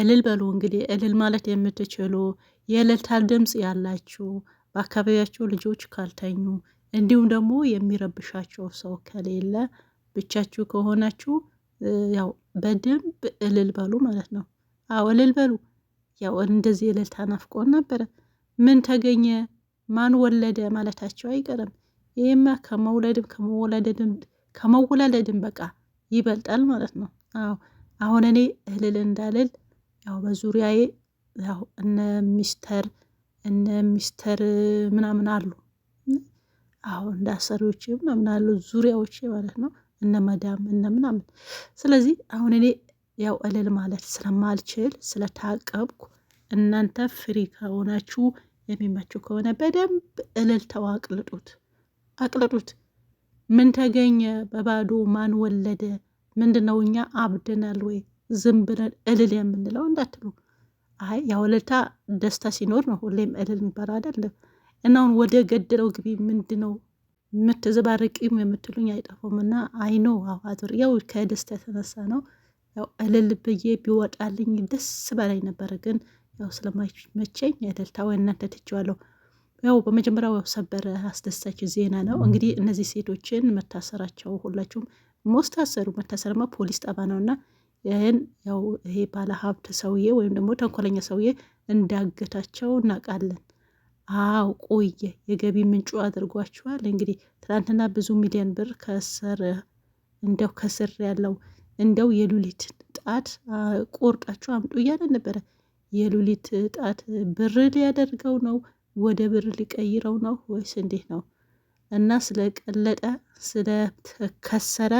እልል በሉ እንግዲህ እልል ማለት የምትችሉ የእልልታ ድምፅ ያላችሁ በአካባቢያቸው ልጆች ካልተኙ እንዲሁም ደግሞ የሚረብሻቸው ሰው ከሌለ ብቻችሁ ከሆናችሁ ያው በደንብ እልል በሉ ማለት ነው። አዎ እልል በሉ። ያው እንደዚህ እልልታ ናፍቆን ነበረ። ምን ተገኘ ማን ወለደ ማለታቸው አይቀርም። ይህማ ከመውለድም ከመወለደድም ከመወላለድም በቃ ይበልጣል ማለት ነው። አዎ አሁን እኔ እልል እንዳልል ያው በዙሪያዬ ያው እነ ሚስተር እነ ሚስተር ምናምን አሉ አሁን እንደ አሰሪዎቼ ምናምን አሉ ዙሪያዎች ማለት ነው እነ መዳም እነ ምናምን። ስለዚህ አሁን እኔ ያው እልል ማለት ስለማልችል ስለታቀብኩ እናንተ ፍሪ ከሆናችሁ የሚመችው ከሆነ በደንብ ተው፣ አቅልጡት አቅልጡት። ምን ተገኘ? በባዶ ማን ወለደ? ምንድነው እኛ አብደናል ወይ? ዝም ብለን እልል የምንለው እንዳትሉ። አይ የወለታ ደስታ ሲኖር ነው ሁሌም እልል የሚባለው አይደለም። እናሁን ወደ ገደለው ግቢ ምንድን ነው የምትዘባርቂም የምትሉኝ አይጠፉም። እና አይኖ አዋዙር ያው ከደስታ የተነሳ ነው ያው እልል ብዬ ቢወጣልኝ ደስ በላይ ነበረ፣ ግን ያው ስለማይመቸኝ እልልታ ወይ እናንተ ትችዋለሁ። ያው በመጀመሪያው ሰበር አስደሳች ዜና ነው እንግዲህ እነዚህ ሴቶችን መታሰራቸው ሁላችሁም ሞስታሰሩ መታሰርማ ፖሊስ ጠባ ነውና ይህን ያው ይሄ ባለሀብት ሰውዬ ወይም ደግሞ ተንኮለኛ ሰውዬ እንዳገታቸው እናውቃለን። አው ቆየ የገቢ ምንጩ አድርጓቸዋል። እንግዲህ ትናንትና ብዙ ሚሊዮን ብር ከስር እንደው ከስር ያለው እንደው የሉሊት ጣት ቆርጣችሁ አምጡ እያለ ነበረ። የሉሊት ጣት ብር ሊያደርገው ነው ወደ ብር ሊቀይረው ነው ወይስ እንዴት ነው? እና ስለቀለጠ ስለከሰረ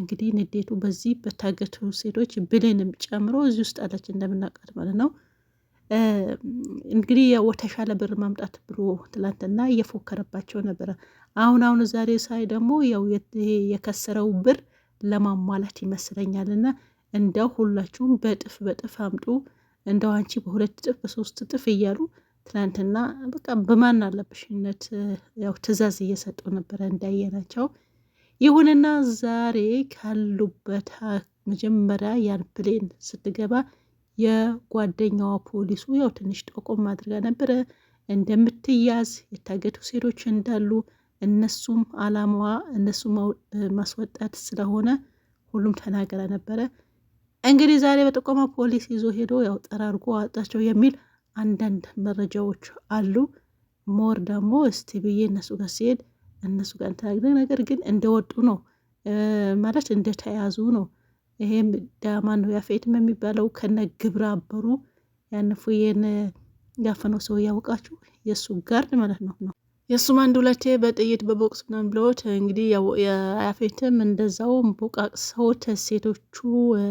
እንግዲህ ንዴቱ በዚህ በታገቱ ሴቶች ብሌንም ጨምሮ እዚህ ውስጥ አለች እንደምናውቃት ማለት ነው። እንግዲህ ወተሻለ ብር ማምጣት ብሎ ትላንትና እየፎከረባቸው ነበረ። አሁን አሁን ዛሬ ሳይ ደግሞ ያው የከሰረው ብር ለማሟላት ይመስለኛል። እና እንደው ሁላችሁም በጥፍ በጥፍ አምጡ እንደው አንቺ በሁለት እጥፍ በሶስት እጥፍ እያሉ ትላንትና በቃ በማን አለብሽነት ያው ትዕዛዝ እየሰጡ ነበረ እንዳየናቸው ይሁንና ዛሬ ካሉበት መጀመሪያ ያን ፕሌን ስትገባ የጓደኛዋ ፖሊሱ ያው ትንሽ ጠቆም አድርጋ ነበረ እንደምትያዝ የታገቱ ሴቶች እንዳሉ እነሱም አላማዋ እነሱ ማስወጣት ስለሆነ ሁሉም ተናገረ ነበረ። እንግዲህ ዛሬ በጠቆማ ፖሊስ ይዞ ሄዶ ያው ጠራርጎ አወጣቸው የሚል አንዳንድ መረጃዎች አሉ። ሞር ደግሞ እስቲ ብዬ እነሱ ጋር ሲሄድ እነሱ ጋር እንትን ነገር ግን እንደወጡ ነው ማለት እንደተያዙ ነው። ይሄም ዳማ ነው ያፌትም የሚባለው ከነ ግብረ አበሩ ያንፉዬን ያፈነው ሰው ያወቃችሁ የእሱ ጋርድ ማለት ነው ነው የእሱም አንድ ሁለቴ በጥይት በቦቅስ ምናምን ብለውት እንግዲህ ያፌትም እንደዛው ሰው ተሴቶቹ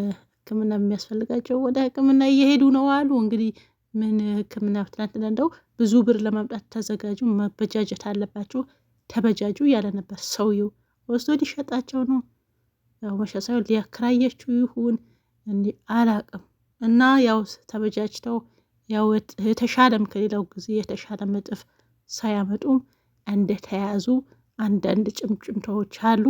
ሕክምና የሚያስፈልጋቸው ወደ ሕክምና እየሄዱ ነው አሉ። እንግዲህ ምን ሕክምና ትናንትና እንደው ብዙ ብር ለማምጣት ተዘጋጁ፣ መበጃጀት አለባችሁ ተበጃጁ እያለ ነበር። ሰውየው ወስዶ ሊሸጣቸው ነው መሸጥ ሳይሆን ሊያከራየችው ይሁን አላቅም። እና ያው ተበጃጅተው ያው የተሻለም ከሌላው ጊዜ የተሻለ መጥፍ ሳያመጡም እንደተያዙ አንዳንድ ጭምጭምታዎች አሉ።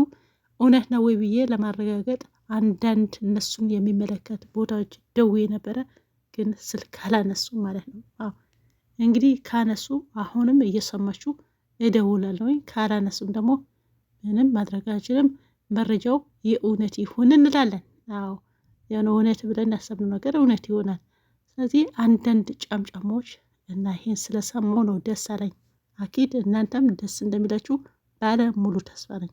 እውነት ነው ወይ ብዬ ለማረጋገጥ አንዳንድ እነሱን የሚመለከት ቦታዎች ደውዬ ነበረ፣ ግን ስልክ አላነሱ ማለት ነው። እንግዲህ ካነሱ አሁንም እየሰማችሁ እደውላለሁኝ። ካላነሱም ደግሞ ምንም ማድረግ አልችልም። መረጃው የእውነት ይሁን እንላለን። አዎ ያን እውነት ብለን ያሰብነው ነገር እውነት ይሆናል። ስለዚህ አንዳንድ ጫምጫሞች እና ይህን ስለሰማሁ ነው ደስ አለኝ። አኪድ እናንተም ደስ እንደሚላችሁ ባለ ሙሉ ተስፋ ነኝ።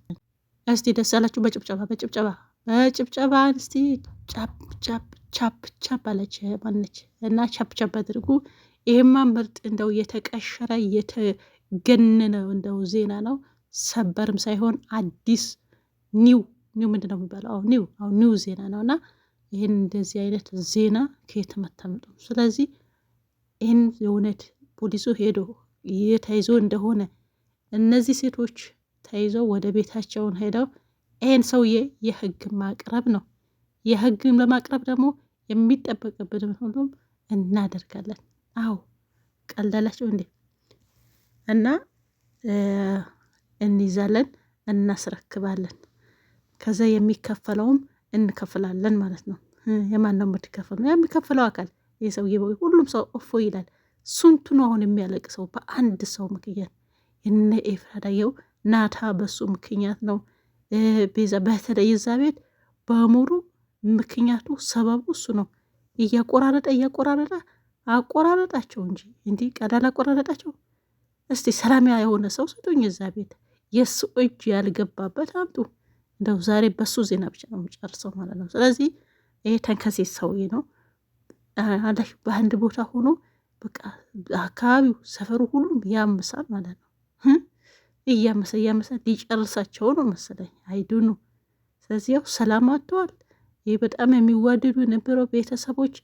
እስቲ ደስ አላችሁ በጭብጨባ በጭብጨባ በጭብጨባ እስቲ ቻፕ ቻፕ ቻፕ አለች ማነች እና ቻፕ ቻፕ አድርጉ። ይሄማ ምርጥ እንደው የተቀሸረ ገን ነው እንደው ዜና ነው። ሰበርም ሳይሆን አዲስ ኒው ኒው ምንድን ነው የሚባለው? አሁ ኒው አሁ ኒው ዜና ነው እና ይህን እንደዚህ አይነት ዜና ከየት መታመጡ? ስለዚህ ይህን የእውነት ፖሊሱ ሄዶ ተይዞ እንደሆነ እነዚህ ሴቶች ተይዘው ወደ ቤታቸውን ሄደው ይህን ሰውዬ የህግ ማቅረብ ነው። የህግም ለማቅረብ ደግሞ የሚጠበቅብንም ሁሉም እናደርጋለን። አዎ ቀልዳላቸው እንዴ? እና እንይዛለን እናስረክባለን። ከዛ የሚከፈለውም እንከፍላለን ማለት ነው። ነው የምትከፍለው የሚከፍለው አካል ሰው ሁሉም ሰው እፎ ይላል። ስንቱ ነው አሁን ሰው በአንድ ሰው ምክንያት? እነ ኤፍራዳየው ናታ በሱ ምክንያት ነው። ቤዛ በተለይ እዛ ቤት በሙሉ ምክንያቱ ሰበቡ እሱ ነው። እያቆራረጠ እያቆራረጠ አቆራረጣቸው እንጂ እንዲህ ቀዳል አቆራረጣቸው እስቲ ሰላም የሆነ ሰው ስጡኝ። እዛ ቤት የእሱ እጅ ያልገባበት አምጡ። እንደው ዛሬ በሱ ዜና ብቻ ነው የሚጨርሰው ማለት ነው። ስለዚህ ይሄ ተንከሴ ሰውዬ ነው። አላሽ በአንድ ቦታ ሆኖ በቃ አካባቢው ሰፈሩ ሁሉም ያምሳል ማለት ነው። እያመሰ እያመሰ ሊጨርሳቸው ነው መሰለኝ አይዱኑ። ስለዚህ ያው ሰላም አጥተዋል። ይህ በጣም የሚዋደዱ የነበረው ቤተሰቦች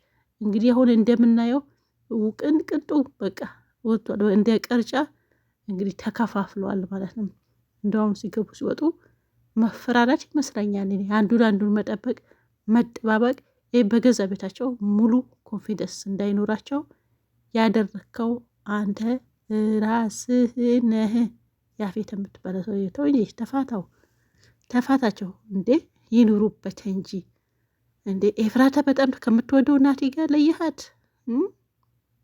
እንግዲህ አሁን እንደምናየው ውቅን ቅጡ በቃ ወጥቷል እንደ ቀርጫ እንግዲህ ተከፋፍለዋል ማለት ነው። እንደውም ሲገቡ ሲወጡ መፈራራት ይመስለኛል። እኔ አንዱን አንዱን መጠበቅ፣ መጠባበቅ ይህ በገዛ ቤታቸው ሙሉ ኮንፊደንስ እንዳይኖራቸው ያደረግከው አንተ ራስህ ነህ። ያፌት የምትባለ ሰው የተው እንጂ ተፋታው፣ ተፋታቸው እንዴ ይኑሩበት እንጂ እንዴ ኤፍራታ በጣም ከምትወደው እናቴ ጋር ለይሃት።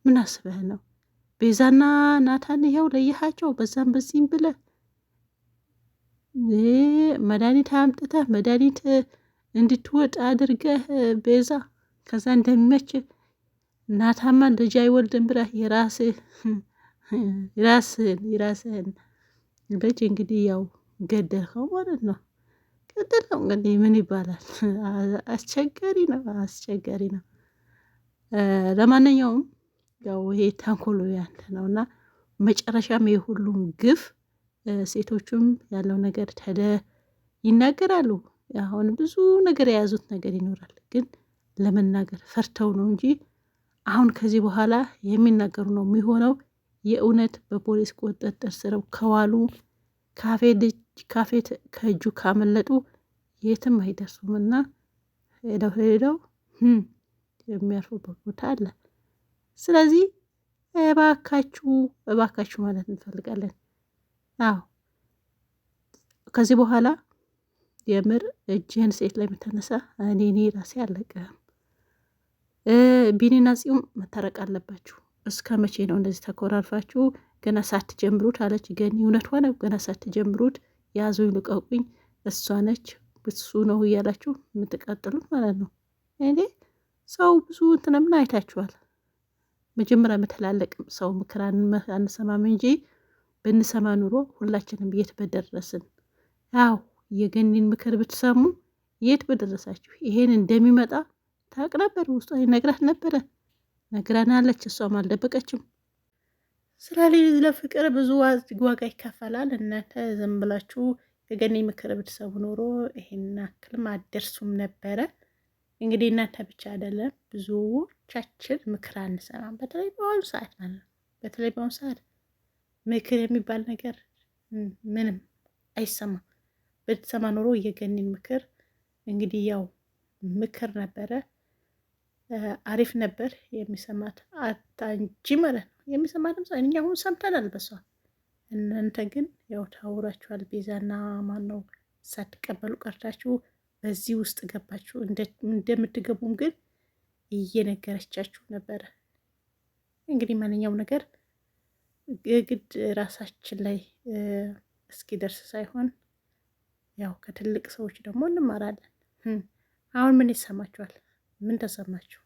ምን አስበህ ነው? ቤዛና ናታን ይኸው ለይሃቸው በዛም በዚህም ብለ መድኃኒት አምጥተህ መድኃኒት እንድትወጥ አድርገህ ቤዛ ከዛ እንደሚመች ናታማ ልጅ አይወልድም ብለህ የራስህ የራስህን የራስህን ልጅ እንግዲህ ያው ገደልከው ማለት ነው። ነው እንግዲህ ምን ይባላል? አስቸጋሪ ነው፣ አስቸጋሪ ነው። ለማንኛውም ያው ይሄ ተንኮሎ ያንተ ነው እና መጨረሻም የሁሉም ግፍ ሴቶቹም ያለው ነገር ተደ ይናገራሉ። አሁን ብዙ ነገር የያዙት ነገር ይኖራል፣ ግን ለመናገር ፈርተው ነው እንጂ አሁን ከዚህ በኋላ የሚናገሩ ነው የሚሆነው። የእውነት በፖሊስ ቁጥጥር ስረው ከዋሉ ካፌ ልጅ ካፌ ከእጁ ካመለጡ የትም አይደርሱም እና ሄደው ሄደው የሚያርፉበት ቦታ አለ። ስለዚህ እባካችሁ እባካችሁ ማለት እንፈልጋለን። አዎ ከዚህ በኋላ የምር እጅህን ሴት ላይ የምታነሳ እኔ እኔ ራሴ አለቀህም። ቢኒና ጽዩም መታረቅ አለባችሁ። እስከ መቼ ነው እንደዚህ ተኮራርፋችሁ? ገና ሳትጀምሩት አለች ገኒ። እውነት ሆነ። ገና ሳትጀምሩት ያዙ ልቀቁኝ፣ እሷ ነች ብሱ ነው እያላችሁ የምትቀጥሉት ማለት ነው። እኔ ሰው ብዙ እንትንምን አይታችኋል። መጀመሪያ የምትላለቅም ሰው ምክር አንሰማም እንጂ ብንሰማ ኑሮ ሁላችንም የት በደረስን። ያው የገኒን ምክር ብትሰሙ የት በደረሳችሁ። ይሄን እንደሚመጣ ታውቅ ነበር፣ ውስጧ ነግራት ነበረ፣ አለች፣ እሷም አልደበቀችም። ስለ ልጅ ለፍቅር ብዙ ዋጋ ይከፈላል። እናንተ ዝም ብላችሁ የገኒ ምክር ብትሰሙ ኑሮ ይሄን አክልም አደርሱም ነበረ። እንግዲህ እናንተ ብቻ አይደለም ብዙ ብዙዎቻችን ምክር አንሰማም። በተለይ በአሁኑ ሰዓት ማለት ነው። በተለይ በአሁኑ ሰዓት ምክር የሚባል ነገር ምንም አይሰማም። ብትሰማ ኖሮ የገኒን ምክር እንግዲህ ያው ምክር ነበረ አሪፍ ነበር የሚሰማት አታንጂ ማለት ነው። የሚሰማትም ሰው እኛ አሁን ሰምተናል በሷ እናንተ ግን ያው ታውራችኋል። ቤዛና ማነው ሳትቀበሉ ቀርታችሁ በዚህ ውስጥ ገባችሁ። እንደምትገቡም ግን እየነገረቻችሁ ነበረ። እንግዲህ ማንኛውም ነገር የግድ ራሳችን ላይ እስኪደርስ ሳይሆን ያው ከትልቅ ሰዎች ደግሞ እንማራለን። አሁን ምን ይሰማችኋል? ምን ተሰማችሁ?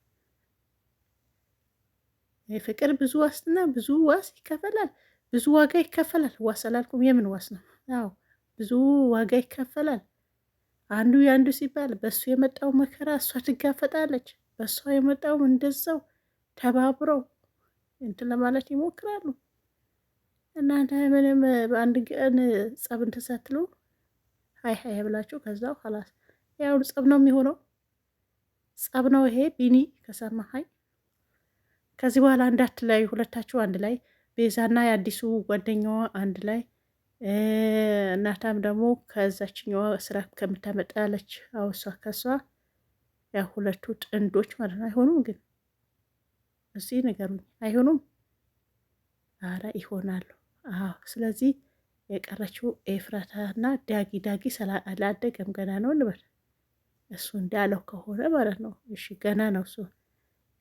የፍቅር ብዙ ዋስትና ብዙ ዋስ ይከፈላል፣ ብዙ ዋጋ ይከፈላል። ዋስ አላልኩም፣ የምን ዋስ ነው? ያው ብዙ ዋጋ ይከፈላል። አንዱ የአንዱ ሲባል በእሱ የመጣው መከራ እሷ ትጋፈጣለች። በሷ የመጣው እንደዛው ተባብረው እንትን ለማለት ይሞክራሉ። እናንተ ምንም በአንድ ቀን ጸብ እንትን ሳትሉ ሀይ ሀይ ብላችሁ ከዛው ኋላስ ያው ጸብ ነው የሚሆነው። ጸብ ነው ይሄ ቢኒ ከሰማሀኝ ከዚህ በኋላ ላይ ሁለታችሁ አንድ ላይ ቤዛና የአዲሱ ጓደኛዋ አንድ ላይ እናታም ደግሞ ከዛችኛዋ ስራ ከምታመጣለች አውሷ ከሷ ሁለቱ ጥንዶች ማለት ነው። አይሆኑም ግን እዚህ ንገሩኝ፣ አይሆኑም? አረ ይሆናሉ። አዎ። ስለዚህ የቀረችው ኤፍራታና ዳጊ። ዳጊ ስላላደገም ገና ነው ልበል። እሱ እንዳለው ከሆነ ማለት ነው። እሺ ገና ነው እሱ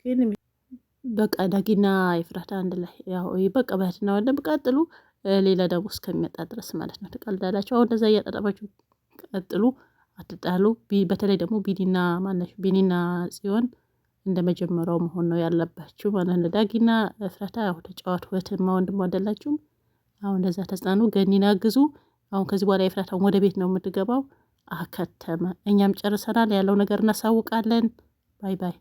ግን በቃ ዳጊና ኤፍራታ አንድ ላይ ያው በቃ ባህትና ወንድ ቀጥሉ፣ ሌላ ደግሞ እስከሚመጣ ድረስ ማለት ነው። ትቀልዳላችሁ። አሁን እንደዛ እያጠጠባችሁ ቀጥሉ። አትጣሉ። በተለይ ደግሞ ቢኒና ማነሽ ቢኒና ጽዮን እንደ መጀመሪያው መሆን ነው ያለባችሁ ማለት ነው። ዳጊና እፍራታ ያው ተጫዋት ወትማ ወንድም አይደላችሁም። አሁን እንደዛ ተጽናኑ፣ ገኒና ግዙ። አሁን ከዚህ በኋላ የፍራታን ወደ ቤት ነው የምትገባው። አከተመ። እኛም ጨርሰናል። ያለው ነገር እናሳውቃለን። ባይ ባይ።